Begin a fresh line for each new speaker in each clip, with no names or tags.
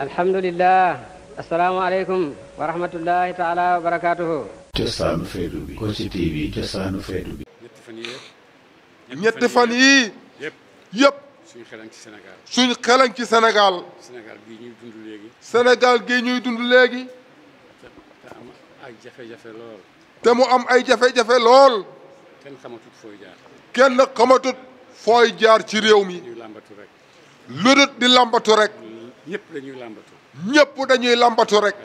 الحمد لله السلام عليكم ورحمة الله تعالى وبركاته
جسانو فيدو بي كوشي تي بي جسانو فيدو بي
نيت فاني ييب ييب سوني خلان كي سنغال سوني خلان كي سنغال سنغال بي ني دوندو ليغي سنغال غي ني دوندو ليغي تمو ام اي جافي جافي لول
كين خماتوت فوي
جار كين خماتوت دي لامباتو ñëpp dañuy làmbatu. ñëpp dañuy làmbatu rek.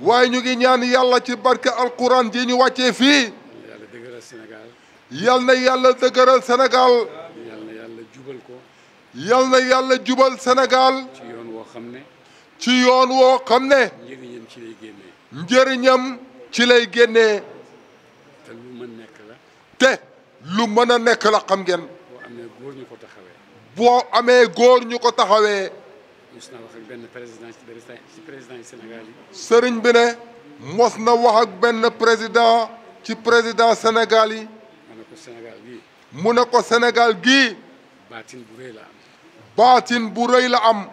waaye ñu ngi ñaan yàlla ci barke alquran ji ñu wàccee fii.
yàlla dëgëral Sénégal.
yal na yàlla dëgëral Sénégal.
yal na yàlla jubal ko.
na yàlla jubal Sénégal. ci yoon woo xam ne. ci yoon woo xam ne. njëriñam ci lay génnee. njëriñam ci lay génnee. te lu mën nekk la. mën a nekk la xam ngeen. boo
amee góor ñu ko taxawee.
boo amee góor ñu ko taxawee.
mos na benn président ci président Sénégal yi.
sëriñ bi ne mos na wax ak benn président ci président Sénégal yi. mu ne ko Sénégal gii. mu ne ko Sénégal gii.
baatin bu rëy la
am. bu rëy la am.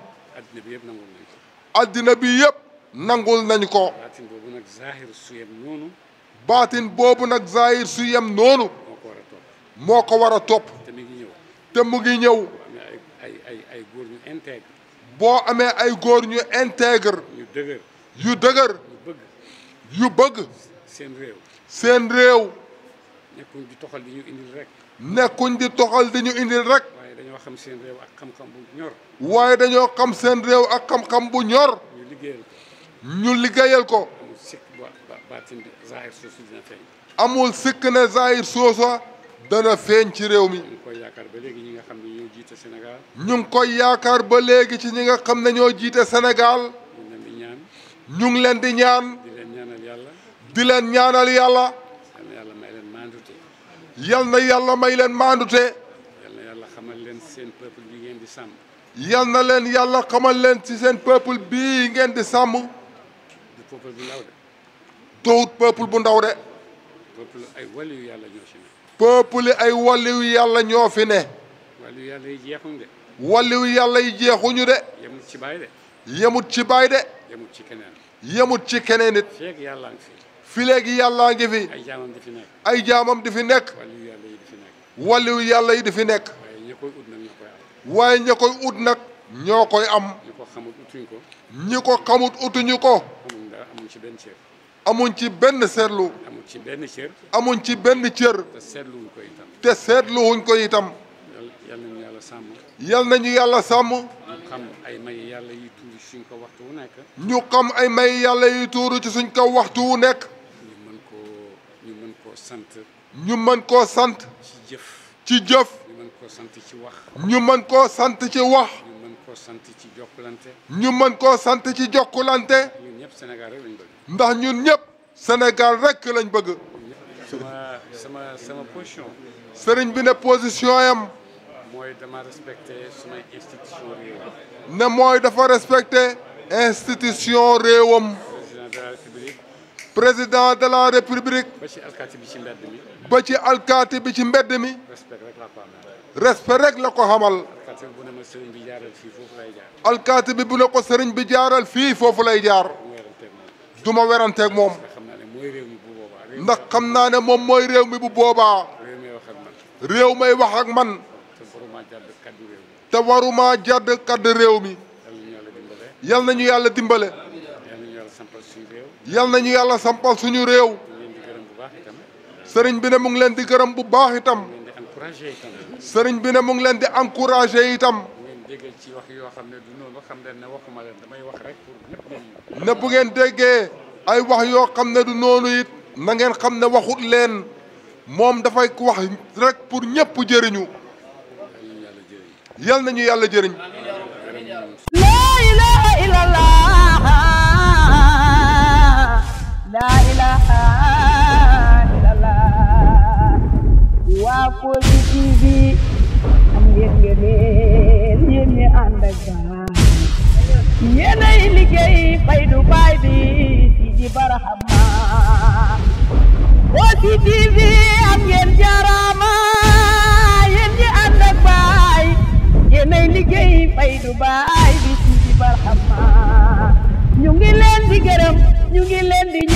addina bi yëpp nangul nañ ko. bi yëpp nangul nañ ko.
baatin boobu nag zahir su yem noonu.
boobu nag zahir su yem noonu. moo ko war a topp. moo ko te mu ngi ñëw. ay ay góor ñu intègre. boo amee ay góor ñu intègre. yu dëgër. yu dëgër. yu bëgg. seen réew. seen réew.
nekkuñ di toxal di ñu indil rek.
nekkuñ di toxal di ñu indil rek.
waaye dañoo xam seen réew ak xam-xam bu ñor.
waaye dañoo xam seen réew ak xam bu ñor. ñu liggéeyal ko. ñu liggéeyal ko. amul sikk ne zaahir soosa dana feeñ ci réew mi. ñu
ngi koy yaakaar ba léegi ñi nga xam ne ñoo jiite Sénégal.
ñu ngi koy yaakaar ba léegi ci ñi nga xam ne ñoo jiite Sénégal. ñu ngi leen di ñaan. ñu ngi di ñaan. ñaanal yàlla. di leen ñaanal yàlla. may leen maandute. yal na yàlla may leen maandute. yal na peuple bi ngeen di sàmm. yal na leen yàlla xamal leen ci seen peuple bii ngeen di sàmm. peuple bu ndaw de.
peuple ay wàllu yàlla ñoo ci
peuple ay wàlliw yàlla ñoo fi ne.
wàlliw yàlla yi jeexuñu de.
wàlliw yàlla yi jeexuñu de. yemut ci baay de. yemut ci baay de.
yemut ci keneen.
yemut ci keneen it. fileeg yàllaa ngi fi. fileeg yàllaa ngi fi. ay jaamam di fi nekk. ay jaamam di nekk. wàlliw yàlla yi di fi nekk. wàlliw yàlla yi di nekk. waaye ña koy ñoo koy waaye ña ut nag ñoo koy am. ñi ko xamut utuñu ko. ñi ko xamut utuñu ko. ci benn ceeb. amuñ ci benn seetlu. amuñ ci benn cër. amuñ ci benn cër. te
seetluwuñ ko itam.
te seetluwuñ ko itam.
yal nañu yàlla sàmm. yal nañu yàlla sàmm. ñu xam ay may yàlla yuy tuuru ci suñ kaw waxtu wu nekk.
ñu xam ay may yàlla yuy tuuru ci suñ kaw waxtu nekk.
mën koo ñu koo sant.
ñu mën koo sant. ci jëf. ci jëf. ñu mën koo sant ci wax. ñu mën koo sant ci wax.
ñu mën sant ci jokkulante. ñu mën koo sant ci jokkulante. ñëpp Sénégal
ndax ñun ñëpp Sénégal rekk lañ bëgg.
sama sama sama
sëriñ bi ne position yam.
mooy dama respecté
suma mooy dafa respecté institution réewam. président de la république. de la république. ba ci
alkaati bi ci mbedd mi. ba ci alkaati bi ci mbedd mi.
respect rek la ko xamal. la ko
xamal. alkaati bi bu ne ma sëriñ bi jaaral fii foofu
bi bu ne ko sëriñ bi jaaral fii foofu lay jaar. du ma weranteeg moom ndax xam naa ne moom mooy réew mi bu boobaa réew may wax ak man te waruma jàdd kàdd réew mi yal nañu yàlla dimbale yal nañu yàlla sampal suñu réew sëriñ bi ne mu ngi leen di gërëm bu baax itam
sëriñ bi ne mu ngi leen
di encouragé itam
déggal ci wax yoo xam ne du noonu xam leen ne waxuma leen damay wax rek pour
ñëpp ne bu ay wax yoo xam ne du noonu it na ngeen xam ne waxut leen moom dafay ku wax rek pour ñëpp jëriñu yal nañu yàlla jëriñ
laa laa ilaha illallah waa Kossy TV am ngeen ngeen leen yéen ñi ànd ak baay yéenay liggéey faydu baay bi si di barahama Kossy TV am ngeen jaaraama yéen ñi ànd ak baay yéenay liggéey faydu baay bi si di barahama ñu ngi leen di gërëm ñu ngi leen di